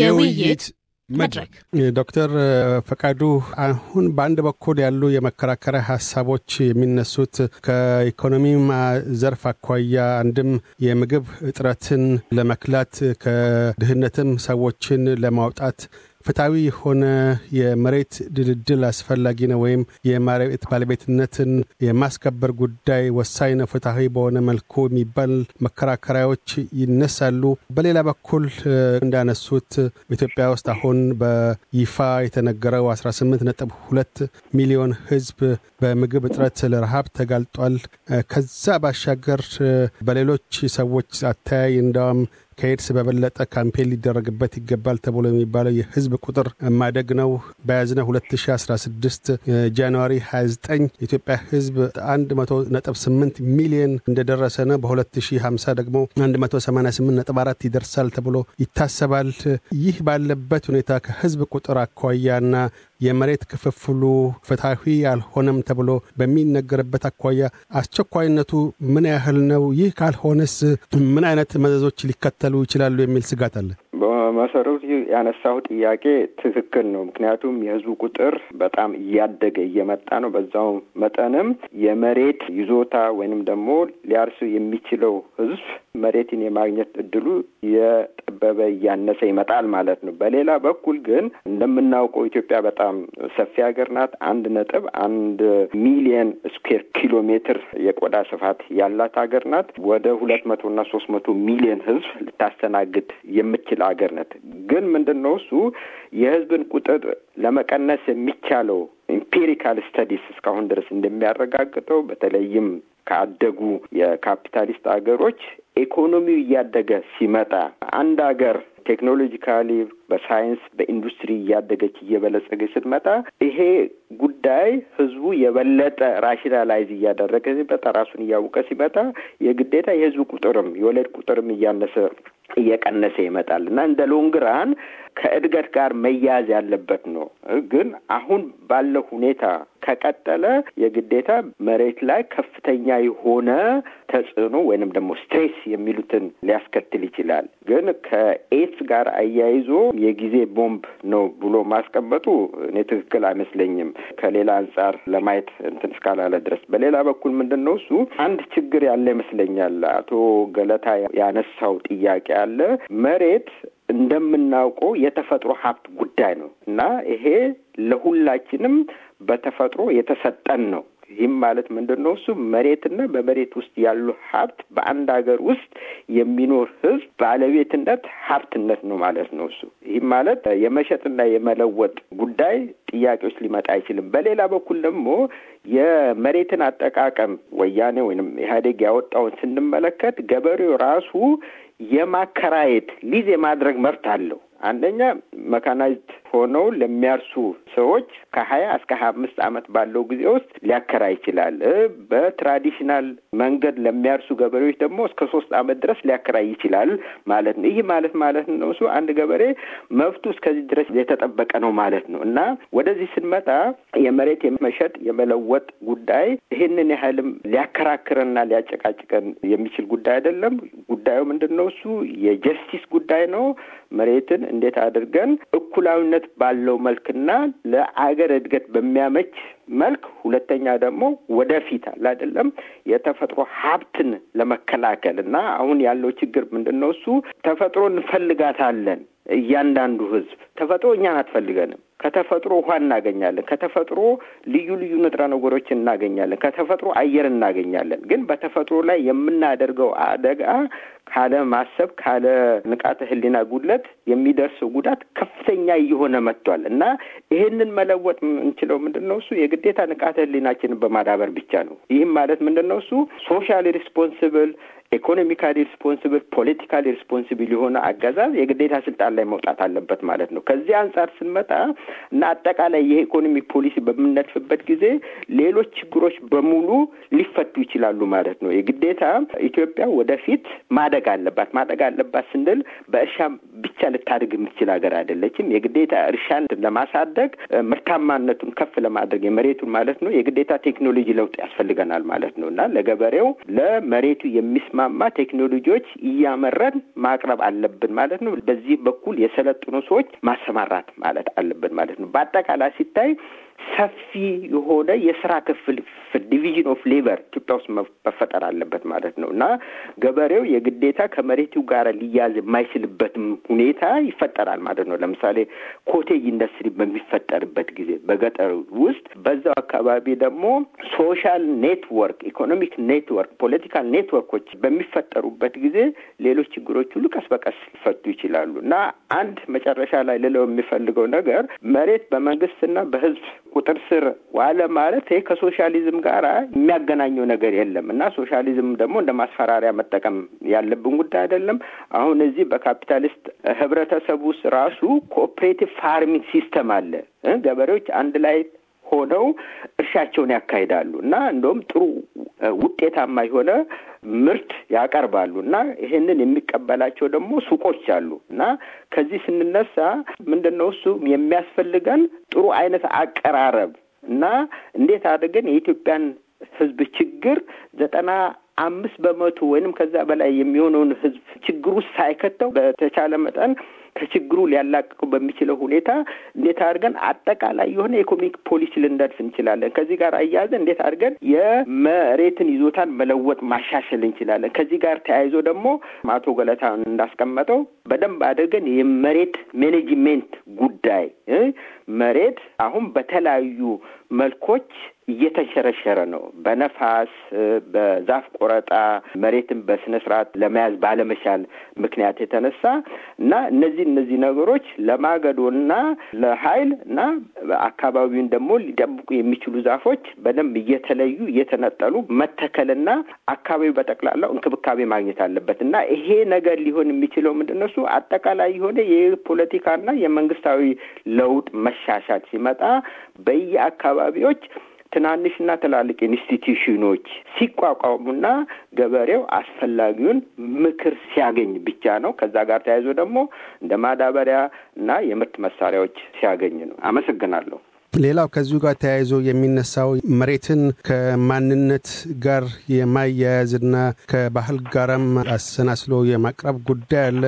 የውይይት መድረክ ዶክተር ፈቃዱ አሁን በአንድ በኩል ያሉ የመከራከሪያ ሀሳቦች የሚነሱት ከኢኮኖሚ ዘርፍ አኳያ አንድም የምግብ እጥረትን ለመክላት ከድህነትም ሰዎችን ለማውጣት ፍትሐዊ የሆነ የመሬት ድልድል አስፈላጊ ነው ወይም የመሬት ባለቤትነትን የማስከበር ጉዳይ ወሳኝ ነው ፍትሐዊ በሆነ መልኩ የሚባል መከራከሪያዎች ይነሳሉ። በሌላ በኩል እንዳነሱት በኢትዮጵያ ውስጥ አሁን በይፋ የተነገረው 18 ሚሊዮን ህዝብ በምግብ እጥረት ለረሃብ ተጋልጧል። ከዛ ባሻገር በሌሎች ሰዎች አተያይ እንዳውም ከኤድስ በበለጠ ካምፔን ሊደረግበት ይገባል ተብሎ የሚባለው የህዝብ ቁጥር ማደግ ነው። በያዝነ 2016 ጃንዋሪ 29 የኢትዮጵያ ህዝብ 18 ሚሊዮን እንደደረሰ ነው። በ2050 ደግሞ 188.4 ይደርሳል ተብሎ ይታሰባል። ይህ ባለበት ሁኔታ ከህዝብ ቁጥር አኳያና የመሬት ክፍፍሉ ፍትሐዊ አልሆነም ተብሎ በሚነገርበት አኳያ አስቸኳይነቱ ምን ያህል ነው? ይህ ካልሆነስ ምን አይነት መዘዞች ሊከተሉ ይችላሉ የሚል ስጋት አለ። በመሰረቱ ያነሳው ጥያቄ ትክክል ነው። ምክንያቱም የህዝቡ ቁጥር በጣም እያደገ እየመጣ ነው። በዛው መጠንም የመሬት ይዞታ ወይንም ደግሞ ሊያርስ የሚችለው ህዝብ መሬትን የማግኘት እድሉ የጠበበ እያነሰ ይመጣል ማለት ነው። በሌላ በኩል ግን እንደምናውቀው ኢትዮጵያ በጣም ሰፊ ሀገር ናት። አንድ ነጥብ አንድ ሚሊየን ስኩዌር ኪሎ ሜትር የቆዳ ስፋት ያላት ሀገር ናት። ወደ ሁለት መቶ እና ሶስት መቶ ሚሊየን ህዝብ ልታስተናግድ የምትችል ሀገር ናት። ግን ምንድን ነው እሱ የህዝብን ቁጥር ለመቀነስ የሚቻለው ኢምፔሪካል ስተዲስ እስካሁን ድረስ እንደሚያረጋግጠው በተለይም ካደጉ የካፒታሊስት አገሮች ኢኮኖሚው እያደገ ሲመጣ አንድ አገር ቴክኖሎጂካሊ በሳይንስ በኢንዱስትሪ እያደገች እየበለጸገች ስትመጣ ይሄ ጉዳይ ህዝቡ የበለጠ ራሽናላይዝ እያደረገ ሲመጣ ራሱን እያወቀ ሲመጣ የግዴታ የህዝቡ ቁጥርም የወለድ ቁጥርም እያነሰ እየቀነሰ ይመጣል እና እንደ ሎንግራን ከእድገት ጋር መያያዝ ያለበት ነው። ግን አሁን ባለው ሁኔታ ከቀጠለ የግዴታ መሬት ላይ ከፍተኛ የሆነ ተጽዕኖ ወይንም ደግሞ ስትሬስ የሚሉትን ሊያስከትል ይችላል። ግን ከኤድስ ጋር አያይዞ የጊዜ ቦምብ ነው ብሎ ማስቀመጡ እኔ ትክክል አይመስለኝም። ከሌላ አንጻር ለማየት እንትን እስካላለ ድረስ በሌላ በኩል ምንድን ነው እሱ አንድ ችግር ያለ ይመስለኛል። አቶ ገለታ ያነሳው ጥያቄ አለ መሬት እንደምናውቀው የተፈጥሮ ሀብት ጉዳይ ነው እና ይሄ ለሁላችንም በተፈጥሮ የተሰጠን ነው። ይህም ማለት ምንድን ነው? እሱ መሬትና በመሬት ውስጥ ያሉ ሀብት በአንድ ሀገር ውስጥ የሚኖር ህዝብ ባለቤትነት ሀብትነት ነው ማለት ነው። እሱ ይህም ማለት የመሸጥና የመለወጥ ጉዳይ ጥያቄዎች ሊመጣ አይችልም። በሌላ በኩል ደግሞ የመሬትን አጠቃቀም ወያኔ ወይም ኢህአዴግ ያወጣውን ስንመለከት ገበሬው ራሱ የማከራየት ሊዝ የማድረግ መብት አለው። አንደኛ መካናይዝድ ሆነው ለሚያርሱ ሰዎች ከሀያ እስከ ሀያ አምስት ዓመት ባለው ጊዜ ውስጥ ሊያከራይ ይችላል። በትራዲሽናል መንገድ ለሚያርሱ ገበሬዎች ደግሞ እስከ ሶስት ዓመት ድረስ ሊያከራይ ይችላል ማለት ነው። ይህ ማለት ማለት ነው እሱ አንድ ገበሬ መብቱ እስከዚህ ድረስ የተጠበቀ ነው ማለት ነው እና ወደዚህ ስንመጣ የመሬት የመሸጥ የመለወጥ ጉዳይ ይህንን ያህልም ሊያከራክረንና ሊያጨቃጭቀን የሚችል ጉዳይ አይደለም። ጉዳዩ ምንድን ነው? እሱ የጀስቲስ ጉዳይ ነው። መሬትን እንዴት አድርገን እኩላዊነት ይዘት ባለው መልክና ለአገር እድገት በሚያመች መልክ፣ ሁለተኛ ደግሞ ወደፊት አለ አይደለም የተፈጥሮ ሀብትን ለመከላከል እና አሁን ያለው ችግር ምንድን ነው? እሱ ተፈጥሮ እንፈልጋታለን እያንዳንዱ ህዝብ ተፈጥሮ እኛን አትፈልገንም። ከተፈጥሮ ውሃ እናገኛለን። ከተፈጥሮ ልዩ ልዩ ንጥረ ነገሮች እናገኛለን። ከተፈጥሮ አየር እናገኛለን። ግን በተፈጥሮ ላይ የምናደርገው አደጋ ካለ ማሰብ ካለ ንቃተ ህሊና ጉድለት የሚደርሰው ጉዳት ከፍተኛ እየሆነ መጥቷል እና ይህንን መለወጥ የምንችለው ምንድን ነው? እሱ የግዴታ ንቃተ ህሊናችንን በማዳበር ብቻ ነው። ይህም ማለት ምንድን ነው? እሱ ሶሻል ሪስፖንስብል ኢኮኖሚካሊ ሪስፖንስብል፣ ፖለቲካሊ ሪስፖንስብል የሆነ አገዛዝ የግዴታ ስልጣን ላይ መውጣት አለበት ማለት ነው። ከዚህ አንጻር ስንመጣ እና አጠቃላይ የኢኮኖሚ ፖሊሲ በምነድፍበት ጊዜ ሌሎች ችግሮች በሙሉ ሊፈቱ ይችላሉ ማለት ነው። የግዴታ ኢትዮጵያ ወደፊት ማደግ አለባት። ማደግ አለባት ስንል በእርሻ ብቻ ልታድግ የምትችል ሀገር አይደለችም። የግዴታ እርሻን ለማሳደግ ምርታማነቱን ከፍ ለማድረግ የመሬቱን ማለት ነው የግዴታ ቴክኖሎጂ ለውጥ ያስፈልገናል ማለት ነው እና ለገበሬው ለመሬቱ የሚስማ የሚስማማ ቴክኖሎጂዎች እያመረን ማቅረብ አለብን ማለት ነው። በዚህ በኩል የሰለጥኑ ሰዎች ማሰማራት ማለት አለብን ማለት ነው። በአጠቃላይ ሲታይ ሰፊ የሆነ የስራ ክፍል ዲቪዥን ኦፍ ሌበር ኢትዮጵያ ውስጥ መፈጠር አለበት ማለት ነው እና ገበሬው የግዴታ ከመሬቱ ጋር ሊያዝ የማይችልበትም ሁኔታ ይፈጠራል ማለት ነው። ለምሳሌ ኮቴጅ ኢንዱስትሪ በሚፈጠርበት ጊዜ በገጠር ውስጥ በዛው አካባቢ ደግሞ ሶሻል ኔትወርክ፣ ኢኮኖሚክ ኔትወርክ፣ ፖለቲካል ኔትወርኮች በሚፈጠሩበት ጊዜ ሌሎች ችግሮች ሁሉ ቀስ በቀስ ሊፈቱ ይችላሉ እና አንድ መጨረሻ ላይ ልለው የሚፈልገው ነገር መሬት በመንግስትና በህዝብ ቁጥር ስር ዋለ ማለት ይህ ከሶሻሊዝም ጋር የሚያገናኘው ነገር የለም እና ሶሻሊዝም ደግሞ እንደ ማስፈራሪያ መጠቀም ያለብን ጉዳይ አይደለም። አሁን እዚህ በካፒታሊስት ህብረተሰብ ውስጥ ራሱ ኮኦፕሬቲቭ ፋርሚንግ ሲስተም አለ። ገበሬዎች አንድ ላይ ሆነው እርሻቸውን ያካሂዳሉ እና እንደውም ጥሩ ውጤታማ የሆነ ምርት ያቀርባሉ እና ይህንን የሚቀበላቸው ደግሞ ሱቆች አሉ እና ከዚህ ስንነሳ ምንድን ነው እሱ የሚያስፈልገን ጥሩ አይነት አቀራረብ እና እንዴት አድርገን የኢትዮጵያን ሕዝብ ችግር ዘጠና አምስት በመቶ ወይንም ከዛ በላይ የሚሆነውን ሕዝብ ችግር ውስጥ ሳይከተው በተቻለ መጠን ከችግሩ ሊያላቅቁ በሚችለው ሁኔታ እንዴት አድርገን አጠቃላይ የሆነ የኢኮኖሚክ ፖሊሲ ልንደርስ እንችላለን። ከዚህ ጋር አያያዘ እንዴት አድርገን የመሬትን ይዞታን መለወጥ ማሻሸል እንችላለን። ከዚህ ጋር ተያይዞ ደግሞ አቶ ገለታ እንዳስቀመጠው በደንብ አድርገን የመሬት ሜኔጅሜንት ጉዳይ መሬት አሁን በተለያዩ መልኮች እየተሸረሸረ ነው። በነፋስ በዛፍ ቆረጣ መሬትን በስነ ስርዓት ለመያዝ ባለመቻል ምክንያት የተነሳ እና እነዚህ እነዚህ ነገሮች ለማገዶና ለሀይል እና አካባቢውን ደግሞ ሊደብቁ የሚችሉ ዛፎች በደንብ እየተለዩ እየተነጠሉ መተከልና አካባቢው በጠቅላላው እንክብካቤ ማግኘት አለበት እና ይሄ ነገር ሊሆን የሚችለው ምንድነሱ አጠቃላይ የሆነ የፖለቲካና የመንግስታዊ ለውጥ መሻሻል ሲመጣ በየአካባቢዎች ትናንሽና ትላልቅ ኢንስቲትዩሽኖች ሲቋቋሙና ገበሬው አስፈላጊውን ምክር ሲያገኝ ብቻ ነው። ከዛ ጋር ተያይዞ ደግሞ እንደ ማዳበሪያ እና የምርት መሳሪያዎች ሲያገኝ ነው። አመሰግናለሁ። ሌላው ከዚሁ ጋር ተያይዞ የሚነሳው መሬትን ከማንነት ጋር የማያያዝና ከባህል ጋራም አሰናስሎ የማቅረብ ጉዳይ አለ።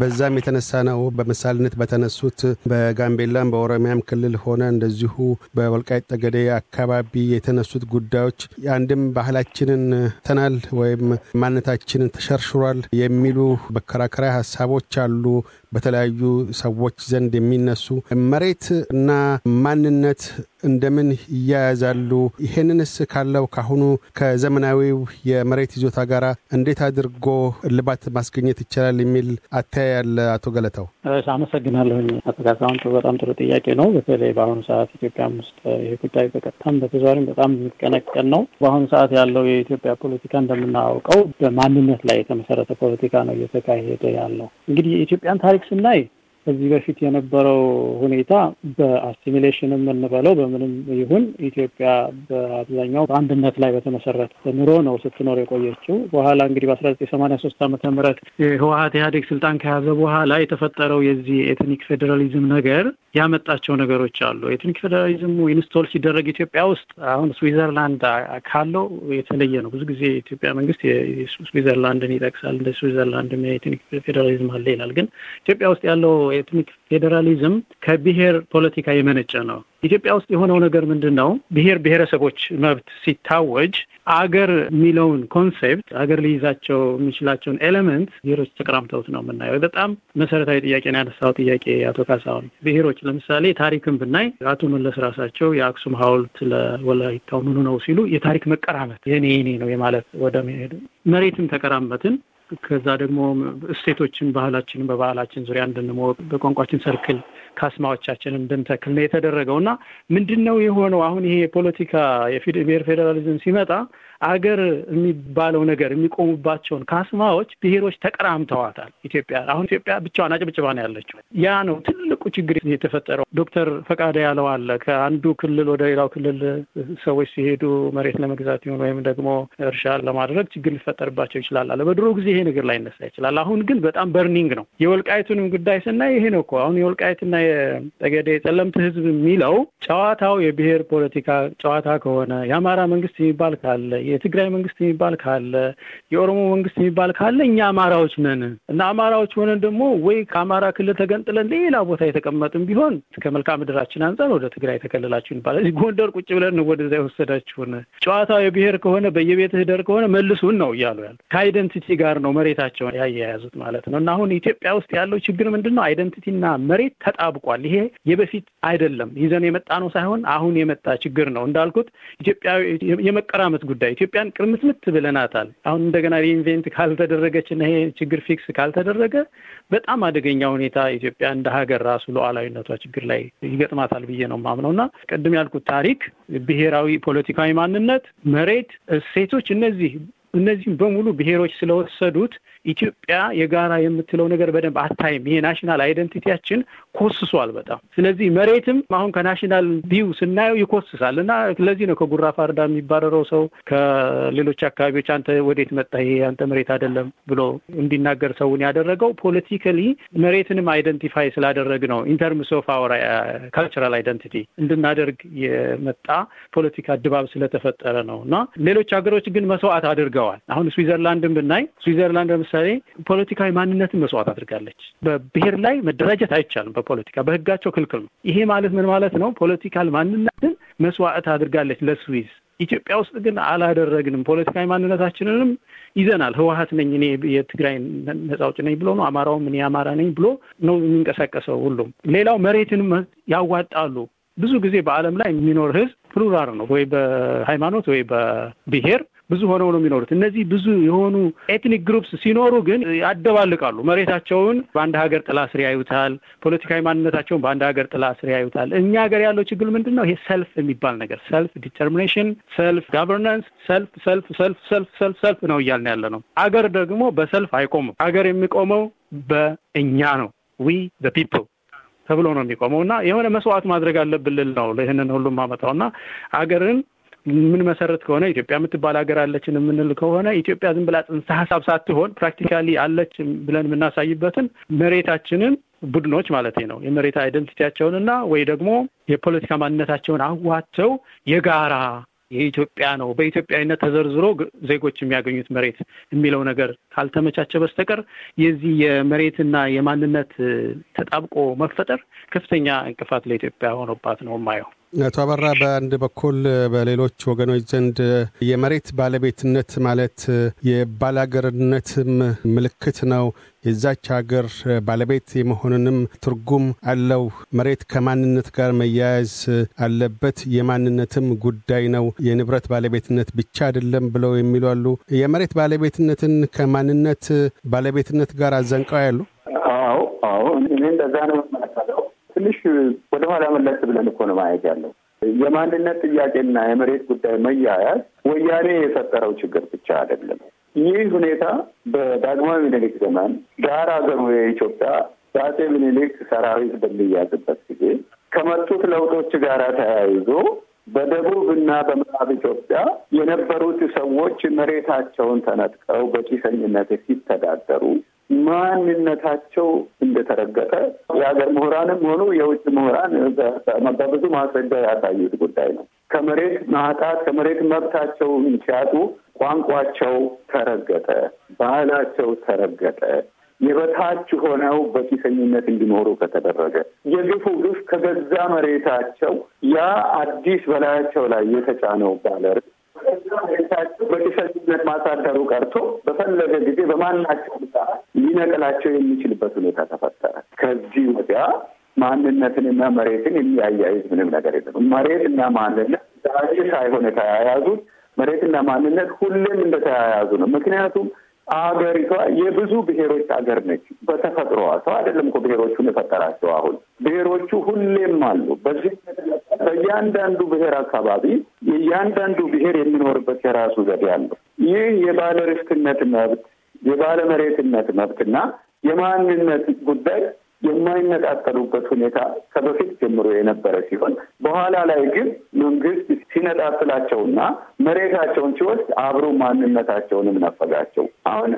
በዛም የተነሳ ነው በምሳሌነት በተነሱት በጋምቤላም በኦሮሚያም ክልል ሆነ እንደዚሁ በወልቃይት ጠገዴ አካባቢ የተነሱት ጉዳዮች አንድም ባህላችንን ተናል ወይም ማንነታችንን ተሸርሽሯል የሚሉ መከራከሪያ ሀሳቦች አሉ። በተለያዩ ሰዎች ዘንድ የሚነሱ መሬት እና ማንነት እንደምን እያያዛሉ ይሄንንስ ካለው ካሁኑ ከዘመናዊው የመሬት ይዞታ ጋር እንዴት አድርጎ እልባት ማስገኘት ይቻላል የሚል አተያይ ያለ አቶ ገለታው። አመሰግናለሁ አመሰግናለሁኝ አቶ ካሳሁን። በጣም ጥሩ ጥያቄ ነው። በተለይ በአሁኑ ሰዓት ኢትዮጵያ ውስጥ ይሄ ጉዳይ በቀጥታም በተዘዋዋሪም በጣም የሚቀነቀን ነው። በአሁኑ ሰዓት ያለው የኢትዮጵያ ፖለቲካ እንደምናውቀው በማንነት ላይ የተመሰረተ ፖለቲካ ነው እየተካሄደ ያለው። እንግዲህ የኢትዮጵያን ታሪክ Oaks and Knight. ከዚህ በፊት የነበረው ሁኔታ በአሲሚሌሽንም እንበለው በምንም ይሁን ኢትዮጵያ በአብዛኛው በአንድነት ላይ በተመሰረተ ኑሮ ነው ስትኖር የቆየችው። በኋላ እንግዲህ በአስራ ዘጠኝ ሰማኒያ ሶስት ዓመተ ምህረት የህወሀት ኢህአዴግ ስልጣን ከያዘ በኋላ የተፈጠረው የዚህ ኤትኒክ ፌዴራሊዝም ነገር ያመጣቸው ነገሮች አሉ። ኤትኒክ ፌዴራሊዝሙ ኢንስቶል ሲደረግ ኢትዮጵያ ውስጥ አሁን ስዊዘርላንድ ካለው የተለየ ነው። ብዙ ጊዜ የኢትዮጵያ መንግስት ስዊዘርላንድን ይጠቅሳል። እንደ ስዊዘርላንድ ኤትኒክ ፌዴራሊዝም አለ ይላል። ግን ኢትዮጵያ ውስጥ ያለው የኤትኒክ ፌዴራሊዝም ከብሔር ፖለቲካ የመነጨ ነው። ኢትዮጵያ ውስጥ የሆነው ነገር ምንድን ነው? ብሔር ብሔረሰቦች መብት ሲታወጅ አገር የሚለውን ኮንሴፕት አገር ሊይዛቸው የሚችላቸውን ኤሌመንት ብሔሮች ተቀራምተውት ነው የምናየው። በጣም መሰረታዊ ጥያቄ ነው ያነሳው ጥያቄ አቶ ካሳሁን። ብሔሮች ለምሳሌ ታሪክን ብናይ አቶ መለስ ራሳቸው የአክሱም ሐውልት ለወላይታው ምኑ ነው ሲሉ የታሪክ መቀራመት የኔ የኔ ነው የማለት ወደ መሄድ መሬትን ተቀራመትን ከዛ ደግሞ እሴቶችን፣ ባህላችንን በባህላችን ዙሪያ እንድንሞቅ በቋንቋችን ሰርክል ካስማዎቻችን እንድንተክል ነው የተደረገው እና ምንድን ነው የሆነው አሁን ይሄ የፖለቲካ የብሔር ፌዴራሊዝም ሲመጣ አገር የሚባለው ነገር የሚቆሙባቸውን ካስማዎች ብሔሮች ተቀራምተዋታል። ኢትዮጵያ አሁን ኢትዮጵያ ብቻዋን አጭብጭባ ነው ያለችው። ያ ነው ትልቁ ችግር የተፈጠረው። ዶክተር ፈቃደ ያለው አለ ከአንዱ ክልል ወደ ሌላው ክልል ሰዎች ሲሄዱ መሬት ለመግዛት ይሁን ወይም ደግሞ እርሻ ለማድረግ ችግር ሊፈጠርባቸው ይችላል አለ። በድሮ ጊዜ ይሄ ነገር ይነሳ ይችላል። አሁን ግን በጣም በርኒንግ ነው። የወልቃይቱንም ጉዳይ ስናይ ይሄ ነው እኮ አሁን የወልቃይትና የጠገዴ የጠለምት ህዝብ የሚለው ጨዋታው የብሔር ፖለቲካ ጨዋታ ከሆነ የአማራ መንግስት የሚባል ካለ የትግራይ መንግስት የሚባል ካለ የኦሮሞ መንግስት የሚባል ካለ እኛ አማራዎች ነን እና አማራዎች ሆነን ደግሞ ወይ ከአማራ ክልል ተገንጥለን ሌላ ቦታ የተቀመጥን ቢሆን ከመልካ ምድራችን አንጻር ወደ ትግራይ ተከልላችሁ ይባላል። ጎንደር ቁጭ ብለን ወደዛ የወሰዳችሁን ጨዋታው የብሔር ከሆነ በየቤትህ ደር ከሆነ መልሱን ነው እያሉ ያሉ ከአይደንቲቲ ጋር ነው መሬታቸውን ያያያዙት ማለት ነው። እና አሁን ኢትዮጵያ ውስጥ ያለው ችግር ምንድን ነው? አይደንቲቲና መሬት ተጣብቋል። ይሄ የበፊት አይደለም፣ ይዘን የመጣ ነው ሳይሆን አሁን የመጣ ችግር ነው። እንዳልኩት ኢትዮጵያ የመቀራመት ጉዳይ ኢትዮጵያን ቅርምትምት ብለናታል። አሁን እንደገና ሪኢንቬንት ካልተደረገች እና ይሄ ችግር ፊክስ ካልተደረገ በጣም አደገኛ ሁኔታ ኢትዮጵያ እንደ ሀገር ራሱ ሉዓላዊነቷ ችግር ላይ ይገጥማታል ብዬ ነው የማምነው እና ቅድም ያልኩት ታሪክ፣ ብሔራዊ ፖለቲካዊ ማንነት፣ መሬት፣ እሴቶች እነዚህ እነዚህም በሙሉ ብሔሮች ስለወሰዱት ኢትዮጵያ የጋራ የምትለው ነገር በደንብ አታይም። ይሄ ናሽናል አይደንቲቲያችን ኮስሷል በጣም። ስለዚህ መሬትም አሁን ከናሽናል ቪው ስናየው ይኮስሳል እና ስለዚህ ነው ከጉራ ፋርዳ የሚባረረው ሰው ከሌሎች አካባቢዎች አንተ ወዴት መጣ ይሄ አንተ መሬት አይደለም ብሎ እንዲናገር ሰውን ያደረገው ፖለቲካሊ መሬትንም አይደንቲፋይ ስላደረግ ነው። ኢንተርምስ ኦፍ አወር ካልቸራል አይደንቲቲ እንድናደርግ የመጣ ፖለቲካ ድባብ ስለተፈጠረ ነው እና ሌሎች ሀገሮች ግን መስዋዕት አድርገው አድርገዋል። አሁን ስዊዘርላንድን ብናይ ስዊዘርላንድ ለምሳሌ ፖለቲካዊ ማንነትን መስዋዕት አድርጋለች። በብሔር ላይ መደራጀት አይቻልም። በፖለቲካ በህጋቸው ክልክል ነው። ይሄ ማለት ምን ማለት ነው? ፖለቲካል ማንነትን መስዋዕት አድርጋለች ለስዊዝ ኢትዮጵያ ውስጥ ግን አላደረግንም። ፖለቲካዊ ማንነታችንንም ይዘናል። ህወሀት ነኝ እኔ የትግራይ ነጻ አውጪ ነኝ ብሎ ነው። አማራውም እኔ አማራ ነኝ ብሎ ነው የሚንቀሳቀሰው ሁሉም። ሌላው መሬትን ያዋጣሉ። ብዙ ጊዜ በዓለም ላይ የሚኖር ህዝብ ፕሉራል ነው ወይ በሃይማኖት ወይ በብሔር ብዙ ሆነው ነው የሚኖሩት። እነዚህ ብዙ የሆኑ ኤትኒክ ግሩፕስ ሲኖሩ ግን ያደባልቃሉ። መሬታቸውን በአንድ ሀገር ጥላ ስር ያዩታል። ፖለቲካዊ ማንነታቸውን በአንድ ሀገር ጥላ ስር ያዩታል። እኛ ሀገር ያለው ችግር ምንድን ነው? ይሄ ሰልፍ የሚባል ነገር ሰልፍ ዲተርሚኔሽን፣ ሰልፍ ጋቨርናንስ፣ ሰልፍ ሰልፍ ሰልፍ ሰልፍ ሰልፍ ሰልፍ ነው እያልን ያለ ነው። አገር ደግሞ በሰልፍ አይቆምም። አገር የሚቆመው በእኛ ነው። ዊ ዘ ፒፕል ተብሎ ነው የሚቆመው እና የሆነ መስዋዕት ማድረግ አለብን ልል ነው ይህንን ሁሉ ማመጣው እና አገርን ምን መሰረት ከሆነ ኢትዮጵያ የምትባል ሀገር አለችን የምንል ከሆነ ኢትዮጵያ ዝም ብላ ጽንሰ ሀሳብ ሳትሆን ፕራክቲካሊ አለች ብለን የምናሳይበትን መሬታችንን ቡድኖች ማለት ነው የመሬት አይደንቲቲያቸውንና ወይ ደግሞ የፖለቲካ ማንነታቸውን አዋቸው የጋራ የኢትዮጵያ ነው በኢትዮጵያዊነት ተዘርዝሮ ዜጎች የሚያገኙት መሬት የሚለው ነገር ካልተመቻቸ በስተቀር የዚህ የመሬትና የማንነት ተጣብቆ መፈጠር ከፍተኛ እንቅፋት ለኢትዮጵያ ሆኖባት ነው ማየው። አቶ አበራ በአንድ በኩል በሌሎች ወገኖች ዘንድ የመሬት ባለቤትነት ማለት የባላገርነትም ምልክት ነው። የዛች ሀገር ባለቤት የመሆንንም ትርጉም አለው። መሬት ከማንነት ጋር መያያዝ አለበት፣ የማንነትም ጉዳይ ነው። የንብረት ባለቤትነት ብቻ አይደለም ብለው የሚሉ አሉ። የመሬት ባለቤትነትን ከማንነት ባለቤትነት ጋር አዘንቀው ያሉ። አዎ አዎ፣ እኔ እንደዛ ነው ትንሽ ወደኋላ መለስ ብለን እኮ ነው ማየት ያለው። የማንነት ጥያቄና የመሬት ጉዳይ መያያዝ ወያኔ የፈጠረው ችግር ብቻ አይደለም። ይህ ሁኔታ በዳግማዊ ምኒልክ ዘመን ዳር ሀገሩ የኢትዮጵያ በአፄ ምኒልክ ሰራዊት በሚያዝበት ጊዜ ከመጡት ለውጦች ጋር ተያይዞ በደቡብ እና በምዕራብ ኢትዮጵያ የነበሩት ሰዎች መሬታቸውን ተነጥቀው በጭሰኝነት ሲተዳደሩ ማንነታቸው እንደተረገጠ የሀገር ምሁራንም ሆኑ የውጭ ምሁራን በብዙ ማስረጃ ያሳዩት ጉዳይ ነው። ከመሬት ማጣት ከመሬት መብታቸውን ሲያጡ ቋንቋቸው ተረገጠ፣ ባህላቸው ተረገጠ። የበታች ሆነው በኪሰኝነት እንዲኖሩ ከተደረገ የግፉ ግፍ ከገዛ መሬታቸው ያ አዲስ በላያቸው ላይ የተጫነው ባለርግ በግፈኝነት ማሳደሩ ቀርቶ በፈለገ ጊዜ በማናቸውም ሰዓት ሊነቅላቸው የሚችልበት ሁኔታ ተፈጠረ። ከዚህ ወዲያ ማንነትንና መሬትን የሚያያይዝ ምንም ነገር የለም። መሬትና ማንነት ዛሬ ሳይሆን የተያያዙት መሬትና ማንነት ሁሌም እንደተያያዙ ነው። ምክንያቱም አገሪቷ የብዙ ብሔሮች አገር ነች። በተፈጥሮ ሰው አይደለም እኮ ብሔሮቹን የፈጠራቸው። አሁን ብሔሮቹ ሁሌም አሉ። በዚህ በእያንዳንዱ ብሔር አካባቢ የእያንዳንዱ ብሔር የሚኖርበት የራሱ ዘዴ አለው። ይህ የባለ ርስትነት መብት የባለ መሬትነት መብትና የማንነት ጉዳይ የማይነጣጠሉበት ሁኔታ ከበፊት ጀምሮ የነበረ ሲሆን በኋላ ላይ ግን መንግስት ሲነጣጥላቸውና መሬታቸውን ሲወስድ አብሮ ማንነታቸውንም ነፈጋቸው። አሁን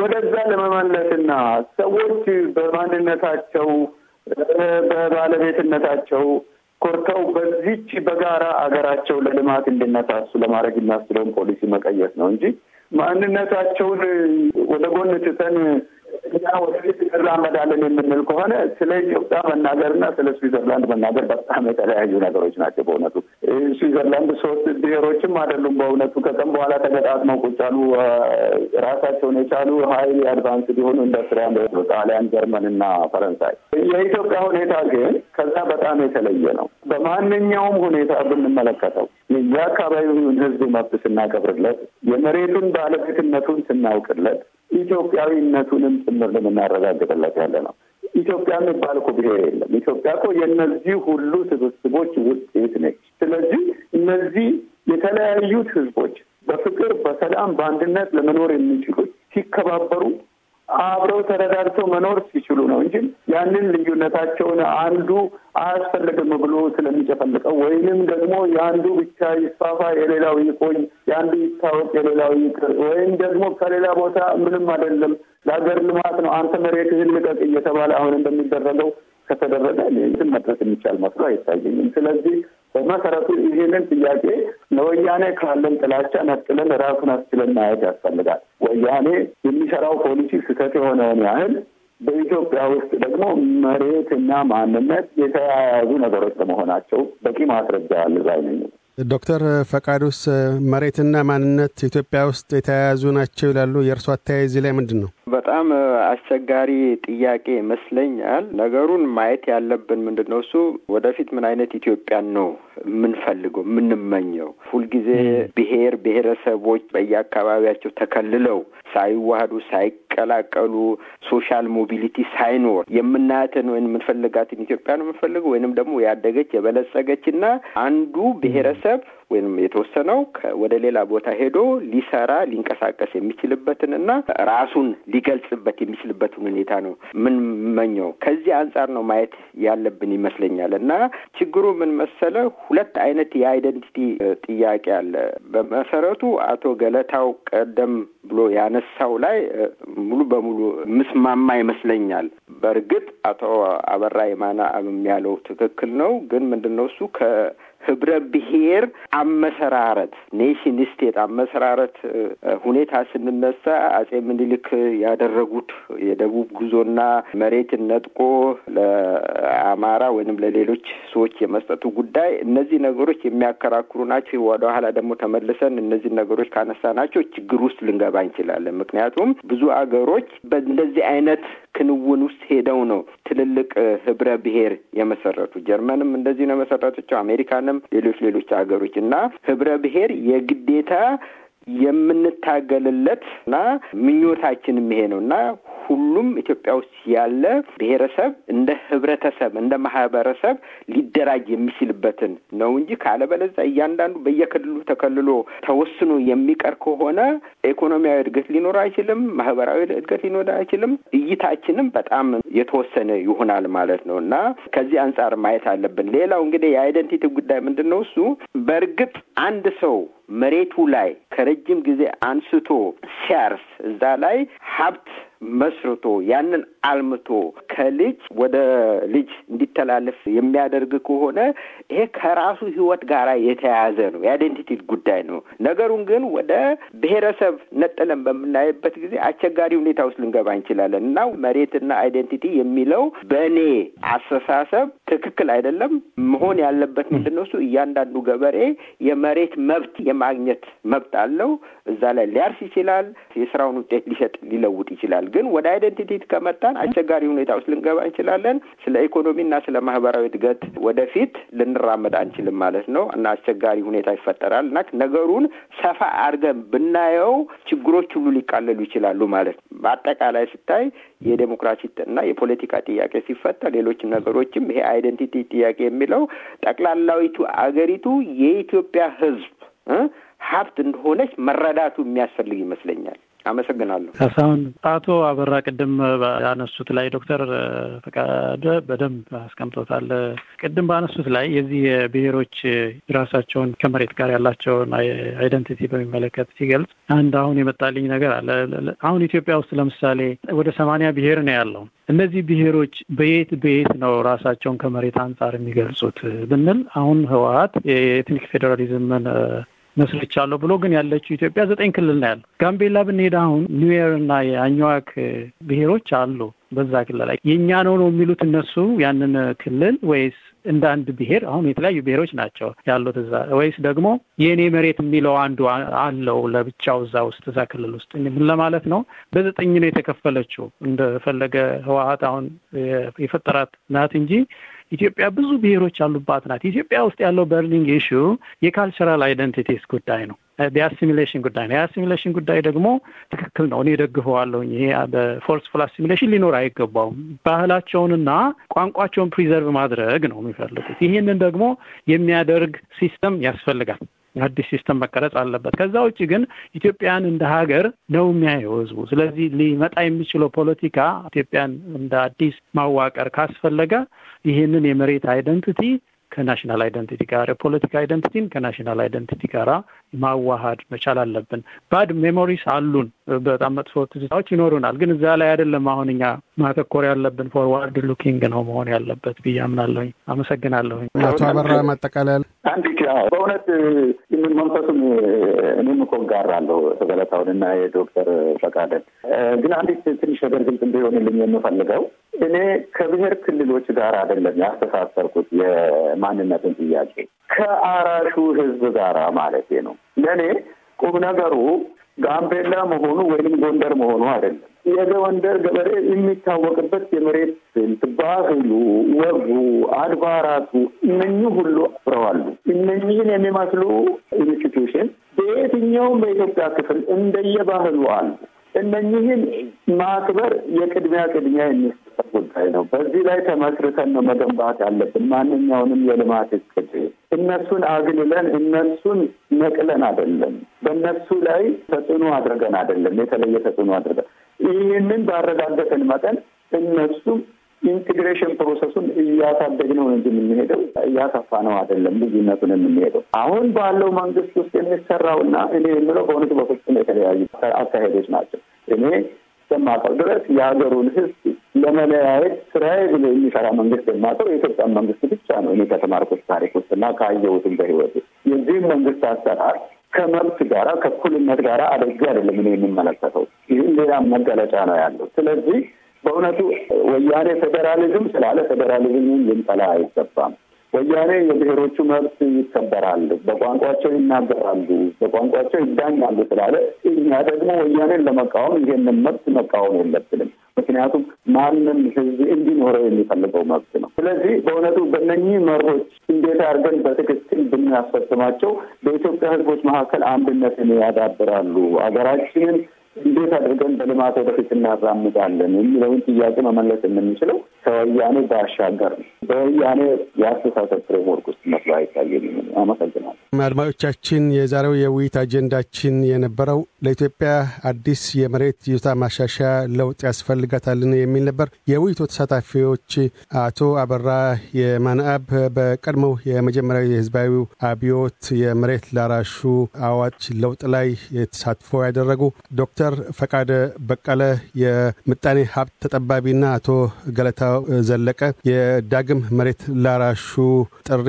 ወደዛ ለመመለስና ሰዎች በማንነታቸው በባለቤትነታቸው ኮርተው በዚች በጋራ አገራቸው ለልማት እንዲነሳሱ ለማድረግ የሚያስችለውን ፖሊሲ መቀየስ ነው እንጂ ማንነታቸውን ወደ ጎን ትተን ወደ ቤት እንራመዳለን የምንል ከሆነ ስለ ኢትዮጵያ መናገርና ስለ ስዊዘርላንድ መናገር በጣም የተለያዩ ነገሮች ናቸው። በእውነቱ ስዊዘርላንድ ሶስት ብሔሮችም አይደሉም። በእውነቱ ከቀን በኋላ ተገጣጥመው ቁጭ አሉ። ራሳቸውን የቻሉ ሀይል አድቫንስ ሊሆኑ ኢንዱስትሪያን ጣሊያን፣ ጀርመን እና ፈረንሳይ። የኢትዮጵያ ሁኔታ ግን ከዛ በጣም የተለየ ነው። በማንኛውም ሁኔታ ብንመለከተው የአካባቢውን ህዝብ መብት ስናከብርለት፣ የመሬቱን ባለቤትነቱን ስናውቅለት፣ ኢትዮጵያዊነቱንም ጭምር ነው የምናረጋግጥለት ያለ ነው። ኢትዮጵያ የሚባል እኮ ብሔር የለም። ኢትዮጵያ እኮ የእነዚህ ሁሉ ስብስቦች ውጤት ነች። ስለዚህ እነዚህ የተለያዩት ህዝቦች በፍቅር በሰላም በአንድነት ለመኖር የሚችሉት ሲከባበሩ አብረው ተረዳድተው መኖር ሲችሉ ነው እንጂ ያንን ልዩነታቸውን አንዱ አያስፈልግም ብሎ ስለሚጨፈልቀው ወይንም ደግሞ የአንዱ ብቻ ይስፋፋ የሌላው ይቆይ፣ የአንዱ ይታወቅ የሌላው ይቅር፣ ወይም ደግሞ ከሌላ ቦታ ምንም አይደለም ለሀገር ልማት ነው። አንተ መሬትህን ልቀቅ እየተባለ አሁን እንደሚደረገው ከተደረገ እንትን መድረስ የሚቻል መስሎ አይታየኝም። ስለዚህ በመሰረቱ ይህንን ጥያቄ ለወያኔ ካለን ጥላቻ ነጥለን ራሱን አስችለን ማየት ያስፈልጋል። ወያኔ የሚሰራው ፖሊሲ ስህተት የሆነውን ያህል በኢትዮጵያ ውስጥ ደግሞ መሬትና ማንነት የተያያዙ ነገሮች ለመሆናቸው በቂ ማስረጃ ያለ ዛይነኝ ዶክተር ፈቃዱስ መሬትና ማንነት ኢትዮጵያ ውስጥ የተያያዙ ናቸው ይላሉ። የእርሶ አተያይ እዚህ ላይ ምንድን ነው? በጣም አስቸጋሪ ጥያቄ ይመስለኛል። ነገሩን ማየት ያለብን ምንድን ነው እሱ ወደፊት ምን አይነት ኢትዮጵያን ነው የምንፈልገው የምንመኘው? ሁልጊዜ ብሔር ብሔረሰቦች በየአካባቢያቸው ተከልለው ሳይዋህዱ ሳይቀላቀሉ ሶሻል ሞቢሊቲ ሳይኖር የምናያትን ወይም የምንፈልጋትን ኢትዮጵያ ነው የምንፈልገው ወይንም ደግሞ ያደገች የበለጸገች እና አንዱ ብሔረሰብ ወይም የተወሰነው ወደ ሌላ ቦታ ሄዶ ሊሰራ ሊንቀሳቀስ የሚችልበትን እና ራሱን ሊገልጽበት የሚችልበትን ሁኔታ ነው መኘው ከዚህ አንጻር ነው ማየት ያለብን ይመስለኛል። እና ችግሩ ምን መሰለ፣ ሁለት አይነት የአይደንቲቲ ጥያቄ አለ። በመሰረቱ አቶ ገለታው ቀደም ብሎ ያነሳው ላይ ሙሉ በሙሉ ምስማማ ይመስለኛል። በእርግጥ አቶ አበራ የማና ያለው ትክክል ነው። ግን ምንድን ነው እሱ ከ ህብረ ብሔር አመሰራረት ኔሽን ስቴት አመሰራረት ሁኔታ ስንነሳ አጼ ምኒልክ ያደረጉት የደቡብ ጉዞና መሬትን ነጥቆ ለአማራ ወይንም ለሌሎች ሰዎች የመስጠቱ ጉዳይ እነዚህ ነገሮች የሚያከራክሩ ናቸው። ኋላ ደግሞ ተመልሰን እነዚህ ነገሮች ካነሳ ናቸው ችግር ውስጥ ልንገባ እንችላለን። ምክንያቱም ብዙ አገሮች በእንደዚህ አይነት ክንውን ውስጥ ሄደው ነው ትልልቅ ህብረ ብሔር የመሰረቱ። ጀርመንም እንደዚህ ነው የመሰረተችው፣ አሜሪካንም፣ ሌሎች ሌሎች ሀገሮች እና ህብረ ብሔር የግዴታ የምንታገልለት እና ምኞታችንም ይሄ ነው እና ሁሉም ኢትዮጵያ ውስጥ ያለ ብሔረሰብ እንደ ህብረተሰብ እንደ ማህበረሰብ ሊደራጅ የሚችልበትን ነው እንጂ ካለበለዚያ እያንዳንዱ በየክልሉ ተከልሎ ተወስኖ የሚቀር ከሆነ ኢኮኖሚያዊ እድገት ሊኖር አይችልም፣ ማህበራዊ እድገት ሊኖር አይችልም። እይታችንም በጣም የተወሰነ ይሆናል ማለት ነው እና ከዚህ አንጻር ማየት አለብን። ሌላው እንግዲህ የአይደንቲቲ ጉዳይ ምንድን ነው? እሱ በእርግጥ አንድ ሰው መሬቱ ላይ ከረጅም ጊዜ አንስቶ ሲያርስ እዛ ላይ ሀብት መስርቶ ያንን አልምቶ ከልጅ ወደ ልጅ እንዲተላለፍ የሚያደርግ ከሆነ ይሄ ከራሱ ሕይወት ጋር የተያያዘ ነው። የአይደንቲቲ ጉዳይ ነው። ነገሩን ግን ወደ ብሔረሰብ ነጠለን በምናይበት ጊዜ አስቸጋሪ ሁኔታ ውስጥ ልንገባ እንችላለን እና መሬትና አይደንቲቲ የሚለው በእኔ አስተሳሰብ ትክክል አይደለም። መሆን ያለበት ምንድን ነው? እሱ እያንዳንዱ ገበሬ የመሬት መብት የማግኘት መብት አለው። እዛ ላይ ሊያርስ ይችላል። የስራውን ውጤት ሊሰጥ ሊለውጥ ይችላል። ግን ወደ አይደንቲቲ ከመጣን አስቸጋሪ ሁኔታ ውስጥ ልንገባ እንችላለን። ስለ ኢኮኖሚና ስለ ማህበራዊ እድገት ወደፊት ልንራመድ አንችልም ማለት ነው እና አስቸጋሪ ሁኔታ ይፈጠራል እና ነገሩን ሰፋ አድርገን ብናየው ችግሮች ሁሉ ሊቃለሉ ይችላሉ ማለት ነው። በአጠቃላይ ስታይ የዴሞክራሲ እና የፖለቲካ ጥያቄ ሲፈታ ሌሎች ነገሮችም ይሄ አይደንቲቲ ጥያቄ የሚለው ጠቅላላዊቱ አገሪቱ የኢትዮጵያ ሕዝብ ሀብት እንደሆነች መረዳቱ የሚያስፈልግ ይመስለኛል። አመሰግናለሁ። ካሳሁን አቶ አበራ ቅድም ያነሱት ላይ ዶክተር ፈቃደ በደንብ አስቀምጦታል። ቅድም ባነሱት ላይ የዚህ ብሔሮች ራሳቸውን ከመሬት ጋር ያላቸውን አይደንቲቲ በሚመለከት ሲገልጽ አንድ አሁን የመጣልኝ ነገር አለ። አሁን ኢትዮጵያ ውስጥ ለምሳሌ ወደ ሰማንያ ብሔር ነው ያለው። እነዚህ ብሔሮች በየት በየት ነው ራሳቸውን ከመሬት አንጻር የሚገልጹት ብንል አሁን ህወሀት የኤትኒክ ፌዴራሊዝምን መስርቻለሁ ብሎ ግን ያለችው ኢትዮጵያ ዘጠኝ ክልል ነው ያለው። ጋምቤላ ብንሄድ አሁን ኒዌር እና የአኝዋክ ብሔሮች አሉ በዛ ክልል ላይ የእኛ ነው ነው የሚሉት እነሱ ያንን ክልል ወይስ እንደ አንድ ብሔር አሁን የተለያዩ ብሔሮች ናቸው ያሉት እዛ ወይስ ደግሞ የእኔ መሬት የሚለው አንዱ አለው ለብቻው እዛ ውስጥ እዛ ክልል ውስጥ ምን ለማለት ነው? በዘጠኝ ነው የተከፈለችው እንደፈለገ ህወሀት አሁን የፈጠራት ናት እንጂ ኢትዮጵያ ብዙ ብሔሮች ያሉባት ናት። ኢትዮጵያ ውስጥ ያለው በርኒንግ ኢሹ የካልቸራል አይደንቲቲስ ጉዳይ ነው። የአሲሚሌሽን ጉዳይ ነው። የአሲሚሌሽን ጉዳይ ደግሞ ትክክል ነው፣ እኔ ደግፈዋለሁ። ይሄ በፎርስፉል አሲሚሌሽን ሊኖር አይገባውም። ባህላቸውንና ቋንቋቸውን ፕሪዘርቭ ማድረግ ነው የሚፈልጉት። ይህንን ደግሞ የሚያደርግ ሲስተም ያስፈልጋል። የአዲስ ሲስተም መቀረጽ አለበት። ከዛ ውጭ ግን ኢትዮጵያን እንደ ሀገር ነው የሚያየው ህዝቡ። ስለዚህ ሊመጣ የሚችለው ፖለቲካ ኢትዮጵያን እንደ አዲስ ማዋቀር ካስፈለገ ይህንን የመሬት አይደንቲቲ ከናሽናል አይደንቲቲ ጋር የፖለቲካ አይደንቲቲን ከናሽናል አይደንቲቲ ጋር ማዋሃድ መቻል አለብን። ባድ ሜሞሪስ አሉን፣ በጣም መጥፎ ትዝታዎች ይኖሩናል። ግን እዛ ላይ አይደለም አሁን እኛ ማተኮር ያለብን፣ ፎርዋርድ ሉኪንግ ነው መሆን ያለበት ብዬ አምናለሁኝ። አመሰግናለሁኝ። አቶ አበራ ማጠቃለል አንዲት በእውነት ይህንን መንፈሱም እኔም እኮ እጋራለሁ እና የዶክተር ፈቃደን ግን አንዲት ትንሽ ነገር ግልጽ እንዲሆንልኝ የምፈልገው እኔ ከብሔር ክልሎች ጋር አይደለም ያስተሳሰርኩት የማንነትን ጥያቄ ከአራሹ ህዝብ ጋራ ማለት ነው። ለእኔ ቁም ነገሩ ጋምቤላ መሆኑ ወይም ጎንደር መሆኑ አይደለም። የጎንደር ገበሬ የሚታወቅበት የመሬት ስልት፣ ባህሉ፣ ወጉ፣ አድባራቱ እነኚህ ሁሉ አብረዋሉ። እነኚህን የሚመስሉ ኢንስቲትዩሽን በየትኛውም በኢትዮጵያ ክፍል እንደየባህሉ አሉ። እነኚህን ማክበር የቅድሚያ ቅድሚያ የሚሰ ጉዳይ ነው። በዚህ ላይ ተመስርተን ነው መገንባት ያለብን ማንኛውንም የልማት እቅድ። እነሱን አግልለን እነሱን ነቅለን አይደለም፣ በእነሱ ላይ ተጽዕኖ አድርገን አይደለም፣ የተለየ ተጽዕኖ አድርገን ይህንን ባረጋገጥን መጠን እነሱም ኢንቴግሬሽን ፕሮሰሱን እያሳደግ ነው እንጂ የምንሄደው እያሰፋ ነው አይደለም፣ ልዩነቱን የምንሄደው አሁን ባለው መንግስት ውስጥ የሚሰራውና እኔ የምለው በእውነቱ በፍጹም የተለያዩ አካሄዶች ናቸው። እኔ እስከማውቀው ድረስ የሀገሩን ህዝብ ለመለያየት ስራዬ ብሎ የሚሰራ መንግስት የማውቀው የኢትዮጵያን መንግስት ብቻ ነው። እኔ ከተማርኩት ታሪክ ውስጥ እና ካየሁትም በህይወት የዚህም መንግስት አሰራር ከመብት ጋራ ከእኩልነት ጋራ አደጋ አይደለም እኔ የምመለከተው። ይህም ሌላ መገለጫ ነው ያለው። ስለዚህ በእውነቱ ወያኔ ፌዴራሊዝም ስላለ ፌዴራሊዝምን ልንጠላ አይገባም። ወያኔ የብሔሮቹ መብት ይከበራል፣ በቋንቋቸው ይናገራሉ፣ በቋንቋቸው ይዳኛሉ ስላለ እኛ ደግሞ ወያኔን ለመቃወም ይሄንን መብት መቃወም የለብንም። ምክንያቱም ማንም ሕዝብ እንዲኖረው የሚፈልገው መብት ነው። ስለዚህ በእውነቱ በእነኚህ መርሆች እንዴት አድርገን በትክክል ብናስፈጽማቸው በኢትዮጵያ ሕዝቦች መካከል አንድነትን ያዳብራሉ ሀገራችንን እንዴት አድርገን በልማት ወደፊት እናራምዳለን የሚለውን ጥያቄ መመለስ የምንችለው ከወያኔ ባሻገር ነው። በወያኔ የአስተሳሰብ ፍሬምወርክ ውስጥ መስሎ አይታየኝም። አመሰግናለሁ። አድማጮቻችን፣ የዛሬው የውይይት አጀንዳችን የነበረው ለኢትዮጵያ አዲስ የመሬት ይዞታ ማሻሻያ ለውጥ ያስፈልጋታልን የሚል ነበር። የውይይቱ ተሳታፊዎች አቶ አበራ የማንአብ በቀድሞው የመጀመሪያ የህዝባዊ አብዮት የመሬት ላራሹ አዋጅ ለውጥ ላይ ተሳትፎ ያደረጉ፣ ዶክተር ፈቃደ በቀለ የምጣኔ ሀብት ተጠባቢና አቶ ገለታው ዘለቀ የዳግም መሬት ላራሹ ጥሪ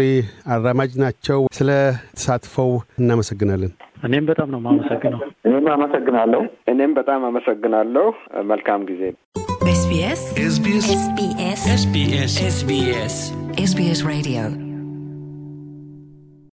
አራማጅ ናቸው። ስለ ተሳትፈው እናመሰግናለን። እኔም በጣም ነው የማመሰግነው። እኔም አመሰግናለሁ። እኔም በጣም አመሰግናለሁ። መልካም ጊዜ። ኤስቢኤስ ኤስቢኤስ ኤስቢኤስ ኤስቢኤስ ሬዲዮ